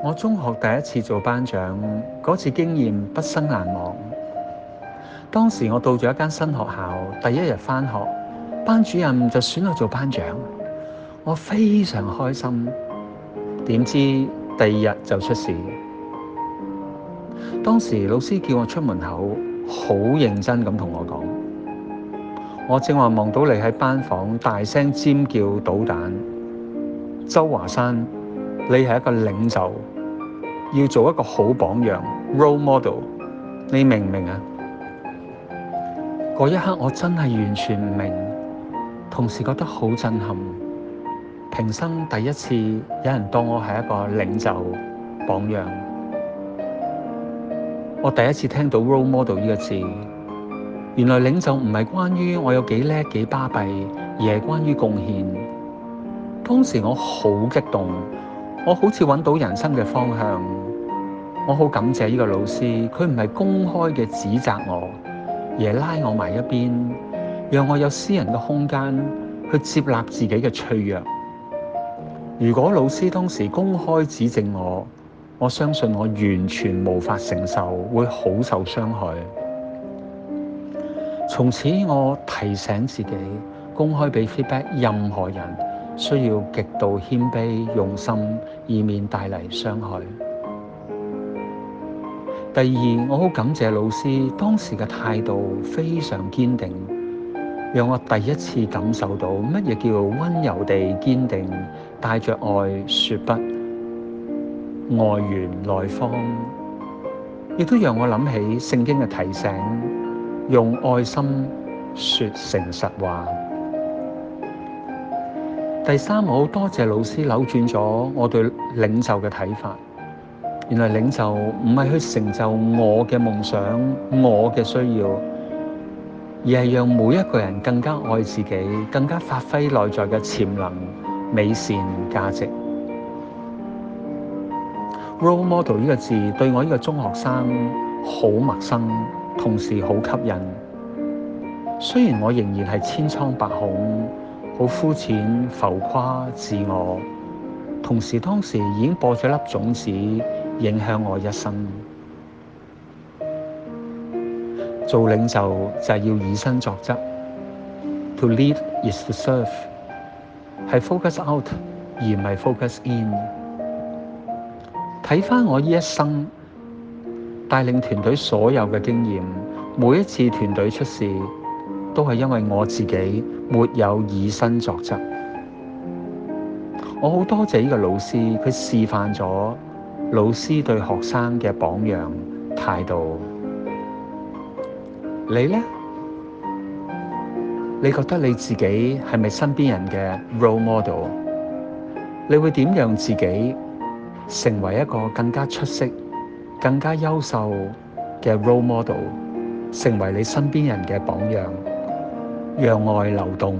我中學第一次做班長，嗰次經驗畢生難忘。當時我到咗一間新學校，第一日返學，班主任就選我做班長，我非常開心。點知第二日就出事。當時老師叫我出門口，好認真咁同我講：我正話望到你喺班房大聲尖叫搗蛋，周華山，你係一個領袖。要做一個好榜樣，Role Model，你明唔明啊？嗰一刻我真係完全唔明，同時覺得好震撼，平生第一次有人當我係一個領袖榜樣，我第一次聽到 Role Model 呢個字，原來領袖唔係關於我有幾叻、幾巴閉，而係關於貢獻。當時我好激動。我好似揾到人生嘅方向，我好感謝呢個老師，佢唔係公開嘅指責我，而係拉我埋一邊，讓我有私人嘅空間去接納自己嘅脆弱。如果老師當時公開指正我，我相信我完全無法承受，會好受傷害。從此我提醒自己，公開俾 feedback 任何人。需要極度謙卑用心，以免帶來傷害。第二，我好感謝老師當時嘅態度非常堅定，讓我第一次感受到乜嘢叫温柔地堅定，帶着愛説不，外圓內方，亦都讓我諗起聖經嘅提醒：用愛心説誠實話。第三，我好多謝老師扭轉咗我對領袖嘅睇法。原來領袖唔係去成就我嘅夢想、我嘅需要，而係讓每一個人更加愛自己、更加發揮內在嘅潛能、美善價值。Role model 呢個字對我呢個中學生好陌生，同時好吸引。雖然我仍然係千瘡百孔。好膚淺、浮誇、自我，同時當時已經播咗粒種子，影響我一生。做領袖就係要以身作則。To lead is to serve，係 focus out 而唔係 focus in。睇翻我呢一生帶領團隊所有嘅經驗，每一次團隊出事。都係因為我自己沒有以身作則，我好多謝呢個老師，佢示範咗老師對學生嘅榜樣態度。你呢？你覺得你自己係咪身邊人嘅 role model？你會點讓自己成為一個更加出色、更加優秀嘅 role model，成為你身邊人嘅榜樣？讓愛流動。